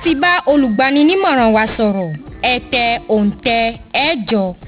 láti bá olùgbaninímọ̀ràn wa sọ̀rọ̀ ẹ tẹ òǹtẹ̀ ẹ̀jọ